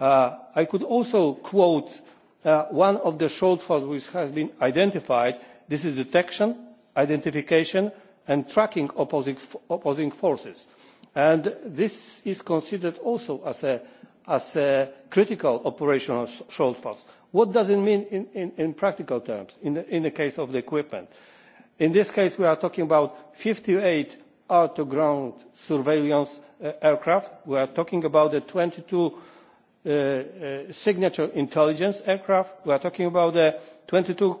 Uh, I could also quote uh, one of the shortfalls which has been identified. This is detection, identification and tracking opposing, opposing forces. And this is considered also as a, as a critical operational shortfall. What does it mean in, in, in practical terms in the, in the case of the equipment? Uh, in this case we are talking about fifty eight air to ground surveillance uh, aircraft we are talking about the twenty two uh, uh, signature intelligence aircraft we are talking about the twenty two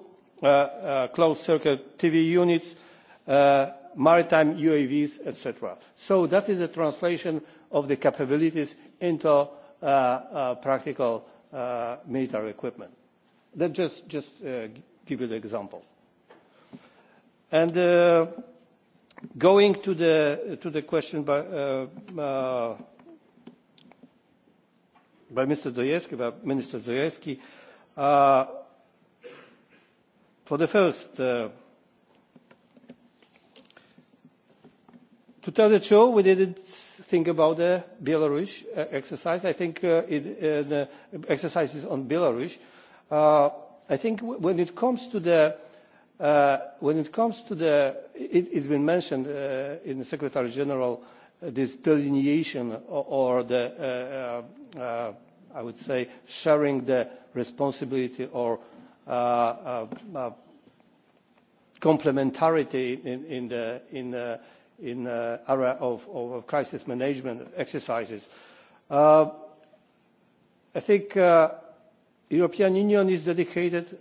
closed circuit tv units maritime uavs etc. so that is a translation of the capabilities into practical military equipment. let me just, just give you the example And uh, going to the, to the question by, uh, uh, by Mr. Dostoevsky, by Minister Dostoevsky, uh, for the first, uh, to tell the truth, we didn't think about the Belarus uh, exercise. I think uh, it, uh, the exercises on Belarus. Uh, I think when it comes to the Uh, when it comes to the, it, it's been mentioned uh, in the Secretary General uh, this delineation or, or the, uh, uh, uh, I would say, sharing the responsibility or uh, uh, uh, complementarity in, in the in the in the area of, of crisis management exercises. Uh, I think uh, European Union is dedicated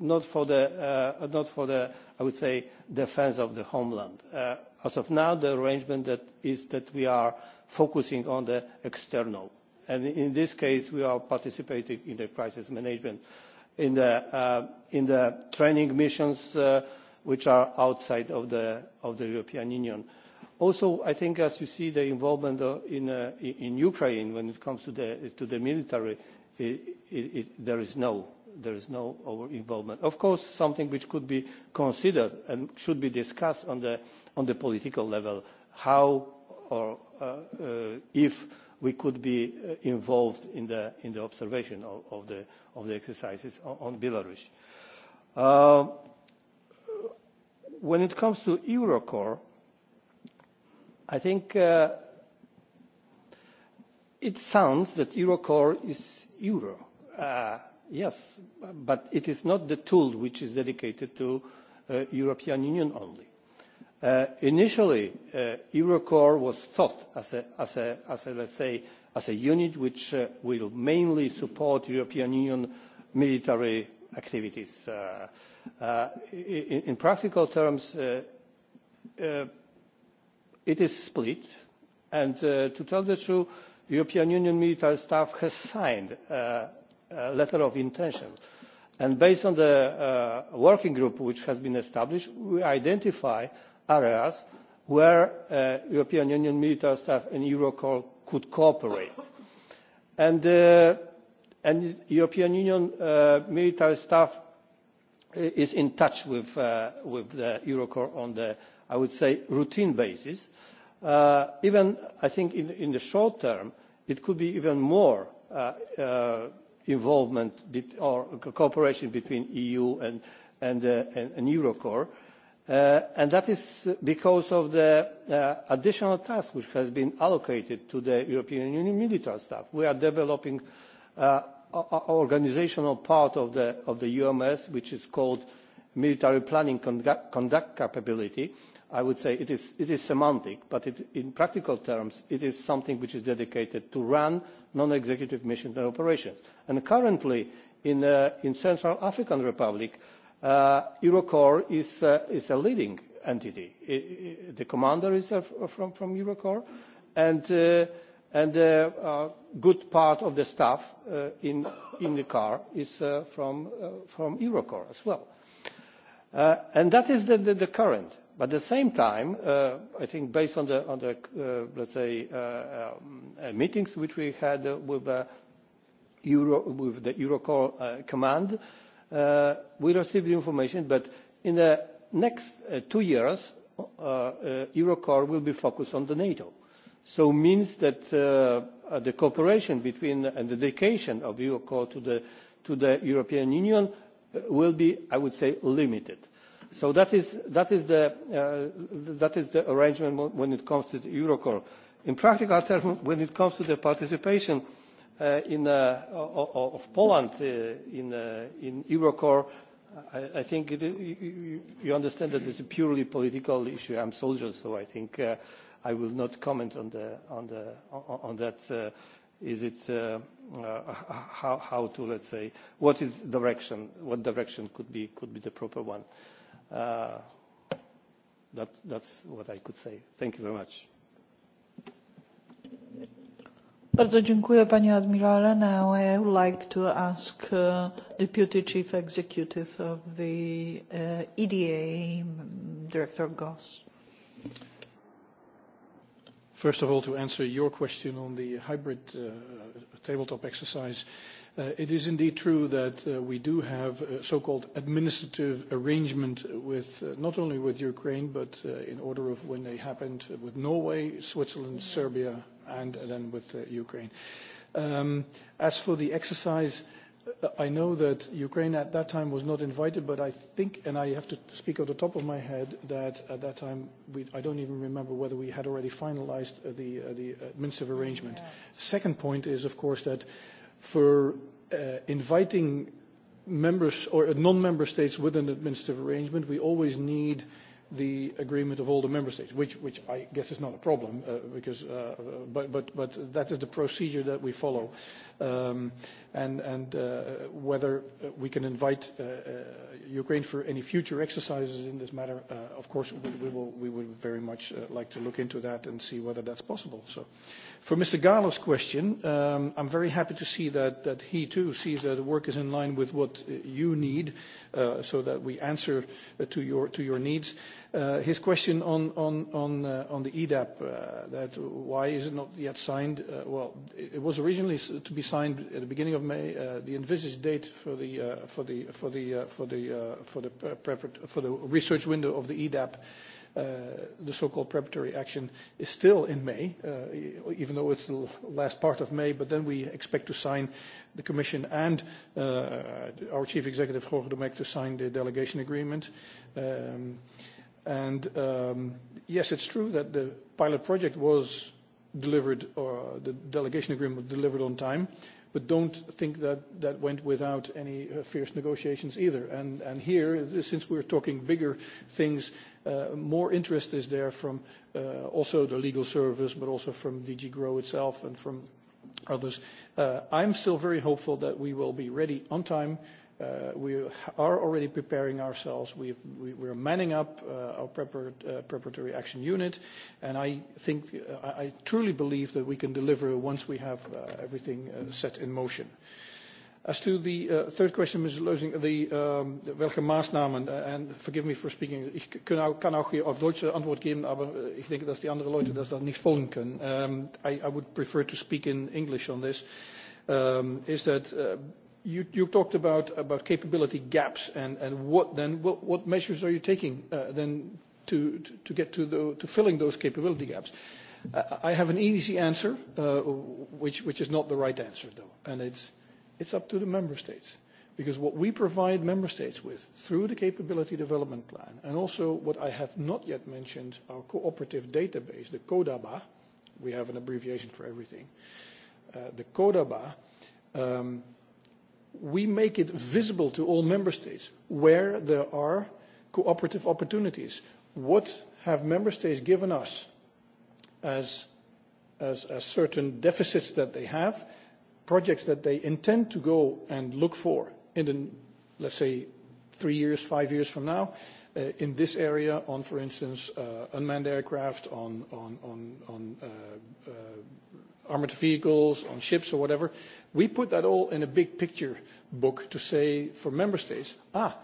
not for the, uh, uh, not for the, I would say, defense of the homeland. Uh, as of now, the arrangement that is that we are focusing on the external. And in this case, we are participating in the crisis management, in the, uh, in the training missions uh, which are outside of the, of the European Union. Also, I think as you see the involvement uh, in, uh, in Ukraine when it comes to the, to the military, it, it, it, there is no there is no over involvement. of course something which could be considered and should be discussed on the, on the political level how or uh, uh, if we could be uh, involved in the, in the observation of, of, the, of the exercises on, on Belarus. Uh, when it comes to Eurocore, I think uh, it sounds that Eurocore is Euro. Uh, yes but it is not the tool which is dedicated to the uh, european union only. Uh, initially uh, eurocorps was thought as a, as a, as a let's say as a unit which uh, will mainly support european union military activities. Uh, uh, in, in practical terms it is split and to tell the truth the european union military staff has signed Uh, letter of intention. And based on the uh, working group which has been established, we identify areas where uh, European Union military staff and Eurocall could cooperate. And, uh, and European Union uh, military staff is in touch with, uh, with the Eurocorps on the, I would say, routine basis. Uh, even, I think, in, in the short term, it could be even more uh, uh, involvement or cooperation between EU and, and, uh, uh, and, that is because of the uh, additional task which has been allocated to the European Union military staff. We are developing an organizational part of the, of the UMS, which is called military planning conduct, capability, I would say it is, semantic, but in practical terms, it is something which is dedicated to run non-executive missions and operations. And currently, in, the uh, Central African Republic, uh, Eurocorps uh, is, a leading entity. the commander is from, Eurocorps, and, a good part of the staff in, the car is from, from Eurocorps as well Uh, and that is the, the, the current. But at the same time, uh, I think based on the, on the uh, let's say, uh, um, uh, meetings which we had with, Euro, with the Eurocall command, we received information that in the next two years, Eurocall will be focused on the NATO. So it means that the cooperation between and the dedication of Eurocall to the, to the European Union will be, I would say, limited. So that is, that is, the, uh, that is the arrangement when it comes to the In practical terms, when it comes to the participation uh, uh, of Poland in, uh, I, think you, understand that it's a purely political issue. I'm a soldier, so I think I will not comment on, the, on, the, on that is it uh, uh, how, how to let's say what is direction? What direction could be could be the proper one? Uh, that, that's what I could say. Thank you very much. Bardzo dziękuję panie admirale. Now I would like to ask uh, Deputy Chief Executive of the uh, EDA, mm, Director Goss. First of all, to answer your question on the hybrid uh, tabletop exercise, uh, it is indeed true that uh, we do have a so-called administrative arrangement with not only with Ukraine, but in order of when they happened with Norway, Switzerland, Serbia, and then with Ukraine. Um, as for the exercise, Uh, I know that Ukraine at that time was not invited, but I think, and I have to speak off the top of my head, that at that time, we, I don't even remember whether we had already finalized uh, the, uh, the administrative uh, arrangement. Yeah. Second point is, of course, that for uh, inviting members or non-member states with an administrative arrangement, we always need the agreement of all the member states, which, which I guess is not a problem, uh, because, uh, but, but, but that is the procedure that we follow um, and, and uh, whether we can invite uh, uh, Ukraine for any future exercises in this matter. Uh, of course, we, we, will, we would very much uh, like to look into that and see whether that's possible. So, for Mr. Gala's question, um, I'm very happy to see that, that he too sees that the work is in line with what you need, uh, so that we answer uh, to your to your needs. Uh, his question on, uh, the EDAP, uh, that why is it not yet signed? well, it was originally to be signed at the beginning of May. the envisaged date for the, research window of the EDAP the so-called preparatory action is still in May, even though it's the last part of May, but then we expect to sign the Commission and our Chief Executive, Jorge Domecq, to sign the delegation agreement. Um, And um, yes, it's true that the pilot project was delivered, or the delegation agreement was delivered on time, but don't think that that went without any uh, fierce negotiations either. And, here, since we're talking bigger things, uh, more interest is there from uh, also the legal service, but also from DG Grow itself and from others. I'm still very hopeful that we will be ready on time Uh, we are already preparing ourselves. we, we're manning up uh, our prepar uh, preparatory action unit, and I think uh, I, I truly believe that we can deliver once we have uh, everything uh, set in motion. As to the third question, Mr. Leusing, the um, welke Maßnahmen, and forgive me for speaking, ich kann auch, kann auch hier auf Deutsch Antwort geben, aber ich denke, dass die anderen Leute das dann nicht folgen können. Um, I, would prefer to speak in English on this. Um, is that You, you talked about, about capability gaps and, and what then, what, what measures are you taking uh, then to, to, to get to, the, to filling those capability gaps? I have an easy answer, uh, which, which is not the right answer, though, and it's, it's up to the member states. Because what we provide member states with through the capability development plan, and also what I have not yet mentioned, our cooperative database, the CODABA, we have an abbreviation for everything. Uh, the CODABA um, we make it visible to all member states where there are cooperative opportunities. What have member states given us as, as, as certain deficits that they have, projects that they intend to go and look for in the, let's say, three years, five years from now, uh, in this area on, for instance, uh, unmanned aircraft, on, on, on, on uh, uh, armored vehicles, on ships or whatever. We put that all in a big picture book to say for member states, ah,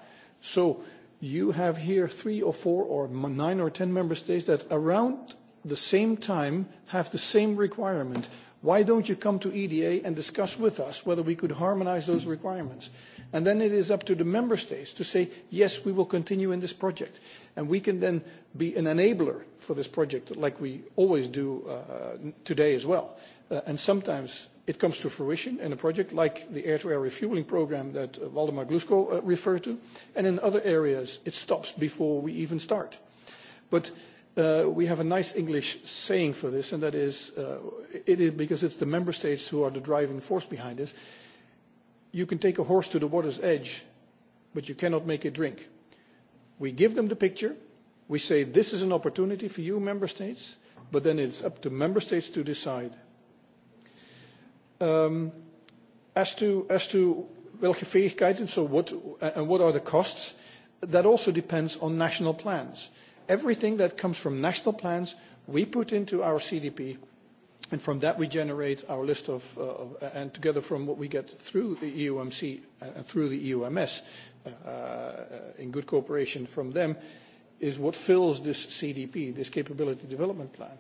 so you have here three or four or nine or ten member states that around the same time have the same requirement. Why don't you come to EDA and discuss with us whether we could harmonize those requirements? And then it is up to the member states to say, yes, we will continue in this project. And we can then be an enabler for this project, like we always do uh, today as well. Uh, and sometimes it comes to fruition in a project like the air-to-air -air refueling program that uh, Waldemar Glusko uh, referred to. And in other areas, it stops before we even start. But Uh, we have a nice English saying for this, and that is, uh, it is because it's the member states who are the driving force behind this you can take a horse to the water's edge, but you cannot make it drink. We give them the picture. We say, this is an opportunity for you, member states, but then it's up to member states to decide. Um, as to, as to welke fähigkeiten, so what, and what are the costs, that also depends on national plans. Everything that comes from national plans, we put into our CDP And from that, we generate our list uh, of, uh, and together from what we get through the EUMC and uh, uh, through the EUMS, uh, in good cooperation from them, is what fills this CDP, this capability development plan.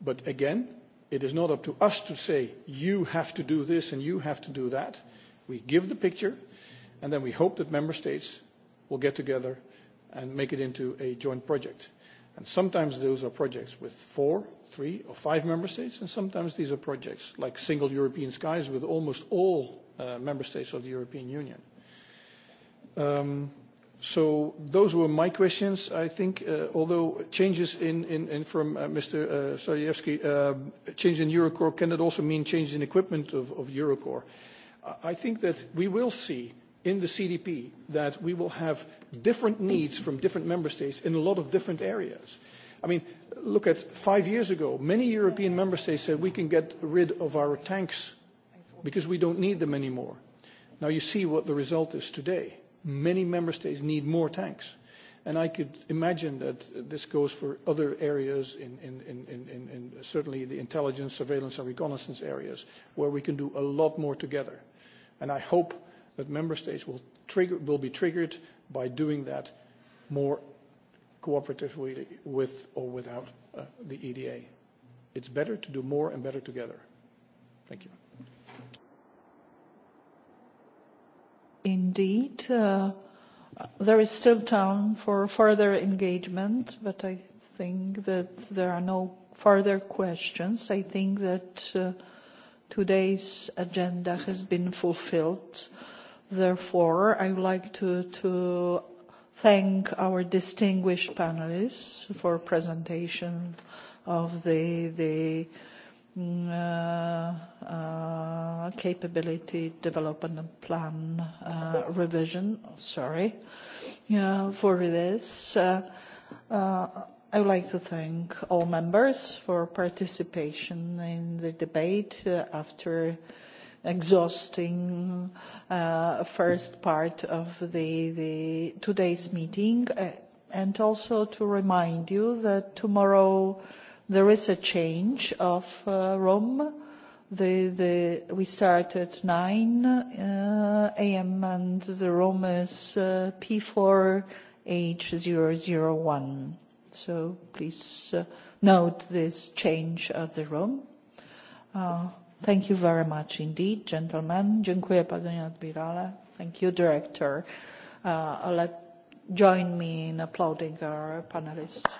But again, it is not up to us to say, you have to do this and you have to do that. We give the picture, and then we hope that member states will get together and make it into a joint project And sometimes those are projects with four, three, or five member states, and sometimes these are projects like Single European Skies with almost all uh, member states of the European Union. Um, so those were my questions. I think, uh, although changes in, in, in from uh, Mr. Uh, uh, change in Eurocorps, can it also mean change in equipment of, of Eurocorps? I think that we will see in the CDP that we will have different needs from different member states in a lot of different areas. I mean, look at five years ago, many European member states said we can get rid of our tanks because we don't need them anymore. Now you see what the result is today. Many member states need more tanks. And I could imagine that this goes for other areas, in, in, in, in certainly the intelligence, surveillance, and reconnaissance areas, where we can do a lot more together. And I hope but member states will, trigger, will be triggered by doing that more cooperatively with or without uh, the EDA. It's better to do more and better together. Thank you. Indeed, uh, there is still time for further engagement, but I think that there are no further questions. I think that uh, today's agenda has been fulfilled. Therefore, I would like to, to thank our distinguished panelists for presentation of the, the mm, uh, uh, capability development plan uh, revision. Sorry uh, for this. Uh, uh, I would like to thank all members for participation in the debate after exhausting uh, first part of the, the today's meeting, uh, and also to remind you that tomorrow there is a change of uh, room. The, the, we start at 9 uh, a.m. and the room is uh, P4H001. So please uh, note this change of the room. Uh, Thank you very much indeed, gentlemen. Dziękuję, panie admirale. Thank you, director. Uh, let join me in applauding our panelists.